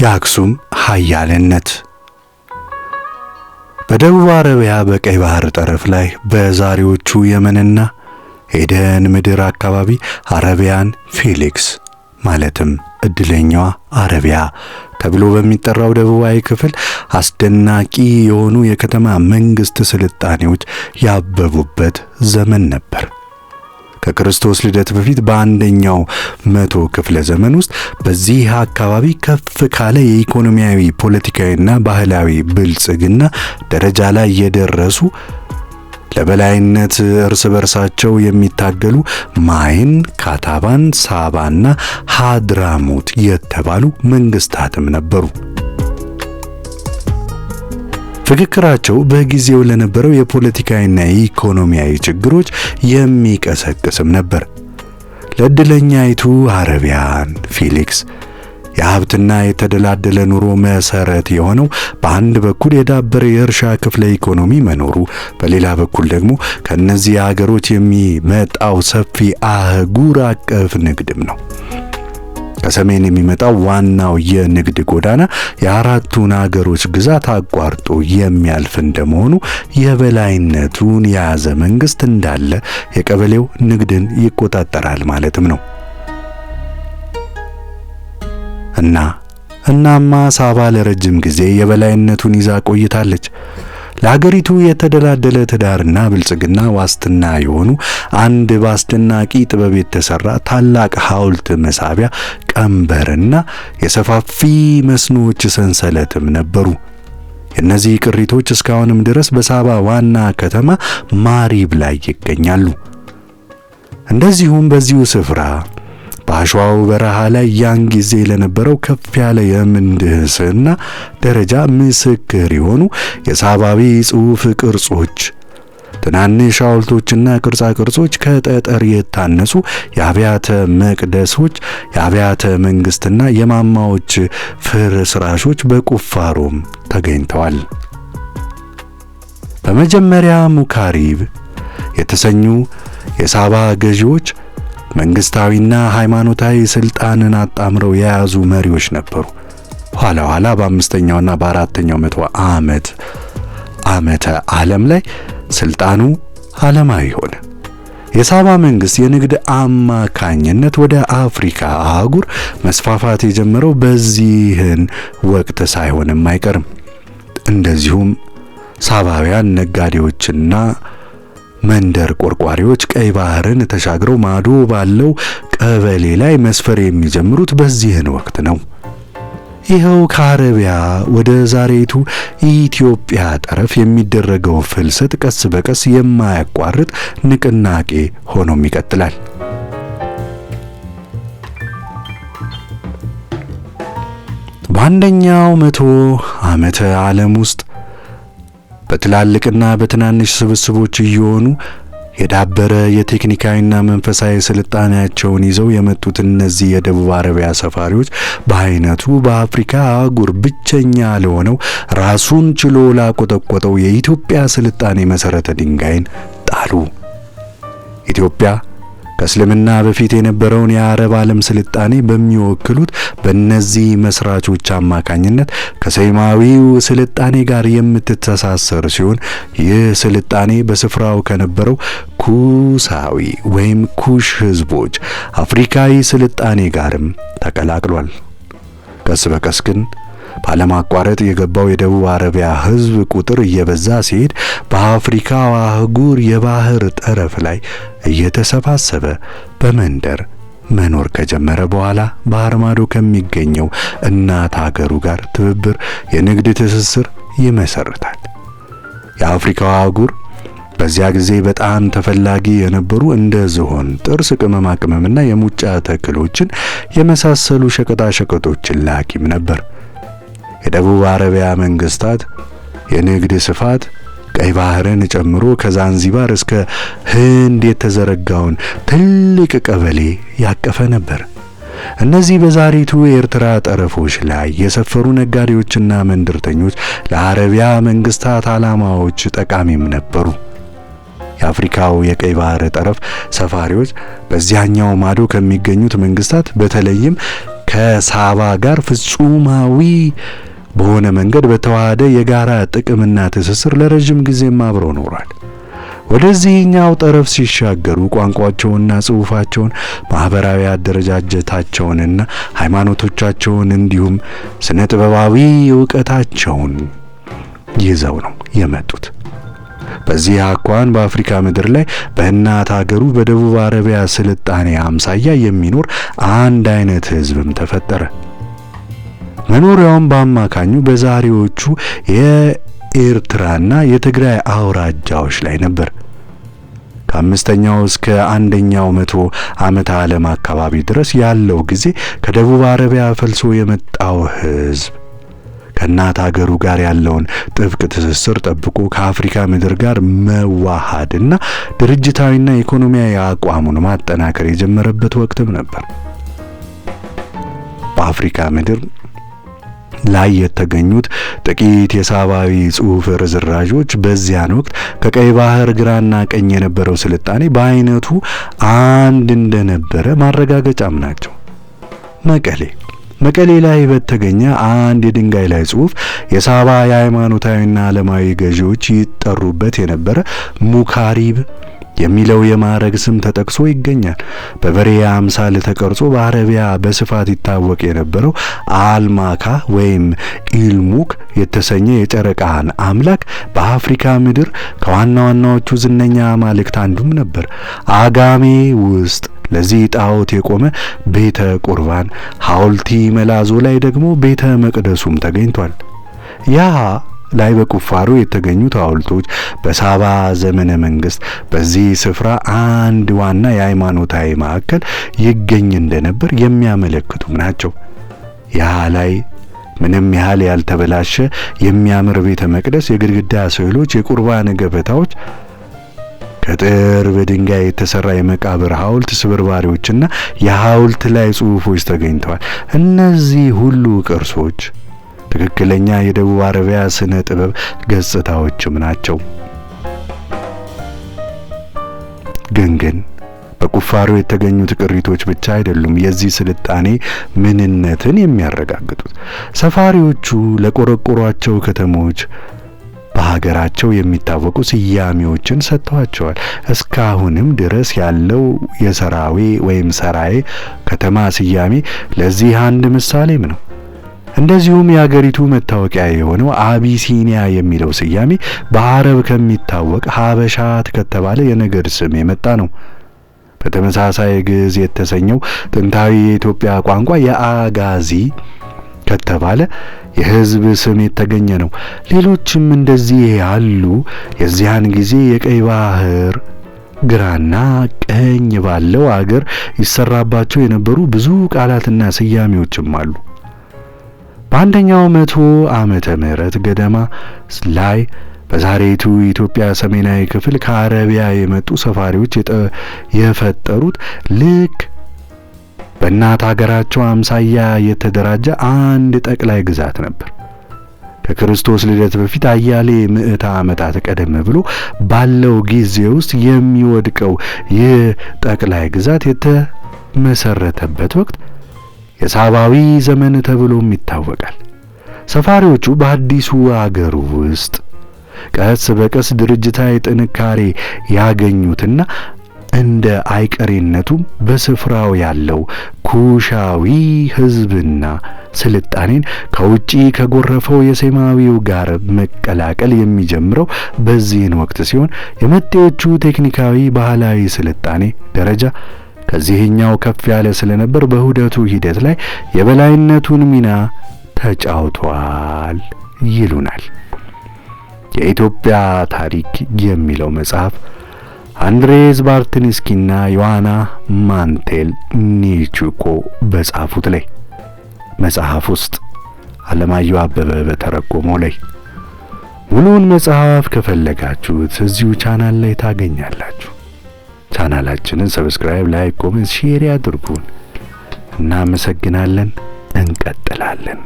የአክሱም ኃያልነት በደቡብ አረቢያ በቀይ ባህር ጠረፍ ላይ በዛሬዎቹ የመንና ኤደን ምድር አካባቢ አረቢያን ፊሊክስ ማለትም እድለኛዋ አረቢያ ተብሎ በሚጠራው ደቡባዊ ክፍል አስደናቂ የሆኑ የከተማ መንግስት ስልጣኔዎች ያበቡበት ዘመን ነበር። ከክርስቶስ ልደት በፊት በአንደኛው መቶ ክፍለ ዘመን ውስጥ በዚህ አካባቢ ከፍ ካለ የኢኮኖሚያዊ ፖለቲካዊና ባህላዊ ብልጽግና ደረጃ ላይ የደረሱ ለበላይነት እርስ በርሳቸው የሚታገሉ ማይን፣ ካታባን፣ ሳባና ሃድራሙት የተባሉ መንግስታትም ነበሩ። ፍክክራቸው በጊዜው ለነበረው የፖለቲካዊና የኢኮኖሚያዊ ችግሮች የሚቀሰቅስም ነበር። ለዕድለኛይቱ አረቢያን ፊሊክስ የሀብትና የተደላደለ ኑሮ መሰረት የሆነው በአንድ በኩል የዳበረ የእርሻ ክፍለ ኢኮኖሚ መኖሩ፣ በሌላ በኩል ደግሞ ከእነዚህ አገሮች የሚመጣው ሰፊ አህጉር አቀፍ ንግድም ነው። ከሰሜን የሚመጣው ዋናው የንግድ ጎዳና የአራቱን አገሮች ግዛት አቋርጦ የሚያልፍ እንደመሆኑ የበላይነቱን የያዘ መንግስት እንዳለ የቀበሌው ንግድን ይቆጣጠራል ማለትም ነው እና እናማ ሳባ ለረጅም ጊዜ የበላይነቱን ይዛ ቆይታለች። ለሀገሪቱ የተደላደለ ትዳርና ብልጽግና ዋስትና የሆኑ አንድ በአስደናቂ ጥበብ የተሰራ ታላቅ ሐውልት መሳቢያ ቀንበርና የሰፋፊ መስኖዎች ሰንሰለትም ነበሩ። እነዚህ ቅሪቶች እስካሁንም ድረስ በሳባ ዋና ከተማ ማሪብ ላይ ይገኛሉ። እንደዚሁም በዚሁ ስፍራ በአሸዋው በረሃ ላይ ያን ጊዜ ለነበረው ከፍ ያለ የምህንድስና ደረጃ ምስክር የሆኑ የሳባዊ ጽሑፍ ቅርጾች ትናንሽ ሐውልቶችና ቅርጻ ቅርጾች ከጠጠር የታነሱ የአብያተ መቅደሶች፣ የአብያተ መንግስትና የማማዎች ፍርስራሾች በቁፋሮም ተገኝተዋል። በመጀመሪያ ሙካሪብ የተሰኙ የሳባ ገዢዎች መንግስታዊና ሃይማኖታዊ ስልጣንን አጣምረው የያዙ መሪዎች ነበሩ። ኋላ ኋላ በአምስተኛውና በአራተኛው መቶ ዓመት ዓመተ ዓለም ላይ ስልጣኑ ዓለማዊ ሆነ። የሳባ መንግስት የንግድ አማካኝነት ወደ አፍሪካ አህጉር መስፋፋት የጀመረው በዚህን ወቅት ሳይሆንም አይቀርም። እንደዚሁም ሳባውያን ነጋዴዎችና መንደር ቆርቋሪዎች ቀይ ባህርን ተሻግረው ማዶ ባለው ቀበሌ ላይ መስፈር የሚጀምሩት በዚህን ወቅት ነው። ይኸው ከአረቢያ ወደ ዛሬቱ ኢትዮጵያ ጠረፍ የሚደረገው ፍልሰት ቀስ በቀስ የማያቋርጥ ንቅናቄ ሆኖም ይቀጥላል። በአንደኛው መቶ ዓመተ ዓለም ውስጥ በትላልቅና በትናንሽ ስብስቦች እየሆኑ የዳበረ የቴክኒካዊና መንፈሳዊ ስልጣኔያቸውን ይዘው የመጡት እነዚህ የደቡብ አረቢያ ሰፋሪዎች በአይነቱ በአፍሪካ አህጉር ብቸኛ ለሆነው ራሱን ችሎ ላቆጠቆጠው የኢትዮጵያ ስልጣኔ መሰረተ ድንጋይን ጣሉ። ኢትዮጵያ ከእስልምና በፊት የነበረውን የአረብ ዓለም ስልጣኔ በሚወክሉት በእነዚህ መስራቾች አማካኝነት ከሰማዊው ስልጣኔ ጋር የምትተሳሰር ሲሆን ይህ ስልጣኔ በስፍራው ከነበረው ኩሳዊ ወይም ኩሽ ህዝቦች አፍሪካዊ ስልጣኔ ጋርም ተቀላቅሏል። ቀስ በቀስ ግን ባለማቋረጥ የገባው የደቡብ አረቢያ ህዝብ ቁጥር እየበዛ ሲሄድ በአፍሪካ አህጉር የባህር ጠረፍ ላይ እየተሰባሰበ በመንደር መኖር ከጀመረ በኋላ ባህር ከሚገኘው እናት ሀገሩ ጋር ትብብር፣ የንግድ ትስስር ይመሰርታል። የአፍሪካው አህጉር በዚያ ጊዜ በጣም ተፈላጊ የነበሩ እንደ ዝሆን ጥርስ፣ ቅመማ ቅመምና የሙጫ ተክሎችን የመሳሰሉ ሸቀጣ ሸቀጦችን ላኪም ነበር። የደቡብ አረቢያ መንግስታት የንግድ ስፋት ቀይ ባህርን ጨምሮ ከዛንዚባር እስከ ህንድ የተዘረጋውን ትልቅ ቀበሌ ያቀፈ ነበር። እነዚህ በዛሬቱ የኤርትራ ጠረፎች ላይ የሰፈሩ ነጋዴዎችና መንደርተኞች ለአረቢያ መንግስታት ዓላማዎች ጠቃሚም ነበሩ። የአፍሪካው የቀይ ባህር ጠረፍ ሰፋሪዎች በዚያኛው ማዶ ከሚገኙት መንግስታት በተለይም ከሳባ ጋር ፍጹማዊ በሆነ መንገድ በተዋሃደ የጋራ ጥቅምና ትስስር ለረጅም ጊዜም አብረው ኖሯል። ወደዚህኛው ጠረፍ ሲሻገሩ ቋንቋቸውንና ጽሑፋቸውን ማህበራዊ አደረጃጀታቸውንና ሃይማኖቶቻቸውን እንዲሁም ስነ ጥበባዊ እውቀታቸውን ይዘው ነው የመጡት። በዚህ አኳን በአፍሪካ ምድር ላይ በእናት ሀገሩ በደቡብ አረቢያ ስልጣኔ አምሳያ የሚኖር አንድ አይነት ህዝብም ተፈጠረ። መኖሪያውን በአማካኙ በዛሬዎቹ የኤርትራና የትግራይ አውራጃዎች ላይ ነበር። ከአምስተኛው እስከ አንደኛው መቶ ዓመተ ዓለም አካባቢ ድረስ ያለው ጊዜ ከደቡብ አረቢያ ፈልሶ የመጣው ህዝብ ከእናት አገሩ ጋር ያለውን ጥብቅ ትስስር ጠብቆ ከአፍሪካ ምድር ጋር መዋሃድና ድርጅታዊና ኢኮኖሚያዊ አቋሙን ማጠናከር የጀመረበት ወቅትም ነበር። በአፍሪካ ምድር ላይ የተገኙት ጥቂት የሳባዊ ጽሑፍ ርዝራዦች በዚያን ወቅት ከቀይ ባህር ግራና ቀኝ የነበረው ስልጣኔ በአይነቱ አንድ እንደነበረ ማረጋገጫም ናቸው። መቀሌ መቀሌ ላይ በተገኘ አንድ የድንጋይ ላይ ጽሑፍ የሳባ የሃይማኖታዊና ዓለማዊ ገዢዎች ይጠሩበት የነበረ ሙካሪብ የሚለው የማዕረግ ስም ተጠቅሶ ይገኛል። በበሬ አምሳል ተቀርጾ በአረቢያ በስፋት ይታወቅ የነበረው አልማካ ወይም ኢልሙክ የተሰኘ የጨረቃን አምላክ በአፍሪካ ምድር ከዋና ዋናዎቹ ዝነኛ አማልክት አንዱም ነበር። አጋሜ ውስጥ ለዚህ ጣዖት የቆመ ቤተ ቁርባን ሐውልቲ መላዞ ላይ ደግሞ ቤተ መቅደሱም ተገኝቷል። ያ ላይ በቁፋሮ የተገኙት ሐውልቶች በሳባ ዘመነ መንግስት በዚህ ስፍራ አንድ ዋና የሃይማኖታዊ ማዕከል ይገኝ እንደነበር የሚያመለክቱም ናቸው። ያ ላይ ምንም ያህል ያልተበላሸ የሚያምር ቤተ መቅደስ፣ የግድግዳ ስዕሎች፣ የቁርባን ገበታዎች ከጥር በድንጋይ የተሰራ የመቃብር ሐውልት ስብርባሪዎችና የሐውልት ላይ ጽሑፎች ተገኝተዋል። እነዚህ ሁሉ ቅርሶች ትክክለኛ የደቡብ አረቢያ ስነ ጥበብ ገጽታዎችም ናቸው። ግን ግን በቁፋሮ የተገኙት ቅሪቶች ብቻ አይደሉም የዚህ ስልጣኔ ምንነትን የሚያረጋግጡት። ሰፋሪዎቹ ለቆረቆሯቸው ከተሞች በሀገራቸው የሚታወቁ ስያሜዎችን ሰጥተዋቸዋል። እስካሁንም ድረስ ያለው የሰራዌ ወይም ሰራዬ ከተማ ስያሜ ለዚህ አንድ ምሳሌም ነው። እንደዚሁም የአገሪቱ መታወቂያ የሆነው አቢሲኒያ የሚለው ስያሜ በአረብ ከሚታወቅ ሀበሻት ከተባለ የነገድ ስም የመጣ ነው። በተመሳሳይ ግዕዝ የተሰኘው ጥንታዊ የኢትዮጵያ ቋንቋ የአጋዚ ከተባለ የህዝብ ስም የተገኘ ነው። ሌሎችም እንደዚህ ያሉ የዚያን ጊዜ የቀይ ባህር ግራና ቀኝ ባለው አገር ይሰራባቸው የነበሩ ብዙ ቃላትና ስያሜዎችም አሉ። በአንደኛው መቶ ዓመተ ምህረት ገደማ ላይ በዛሬቱ ኢትዮጵያ ሰሜናዊ ክፍል ከአረቢያ የመጡ ሰፋሪዎች የፈጠሩት ልክ በእናት ሀገራቸው አምሳያ የተደራጀ አንድ ጠቅላይ ግዛት ነበር። ከክርስቶስ ልደት በፊት አያሌ ምዕተ ዓመታት ቀደም ብሎ ባለው ጊዜ ውስጥ የሚወድቀው ይህ ጠቅላይ ግዛት የተመሰረተበት ወቅት የሳባዊ ዘመን ተብሎም ይታወቃል። ሰፋሪዎቹ በአዲሱ አገር ውስጥ ቀስ በቀስ ድርጅታዊ ጥንካሬ ያገኙትና እንደ አይቀሬነቱም በስፍራው ያለው ኩሻዊ ሕዝብና ስልጣኔን ከውጪ ከጎረፈው የሴማዊው ጋር መቀላቀል የሚጀምረው በዚህን ወቅት ሲሆን የመጤዎቹ ቴክኒካዊ ባህላዊ ስልጣኔ ደረጃ ከዚህኛው ከፍ ያለ ስለነበር በሁደቱ ሂደት ላይ የበላይነቱን ሚና ተጫውቷል ይሉናል። የኢትዮጵያ ታሪክ የሚለው መጽሐፍ አንድሬዝ ባርትንስኪና ዮሐና ማንቴል ኒቹኮ በጻፉት ላይ መጽሐፍ ውስጥ አለማየሁ አበበ በተረጎመው ላይ ሙሉውን መጽሐፍ ከፈለጋችሁት እዚሁ ቻናል ላይ ታገኛላችሁ። ቻናላችንን ሰብስክራይብ፣ ላይክ፣ ኮሜንት፣ ሼር ያድርጉን። እናመሰግናለን። እንቀጥላለን።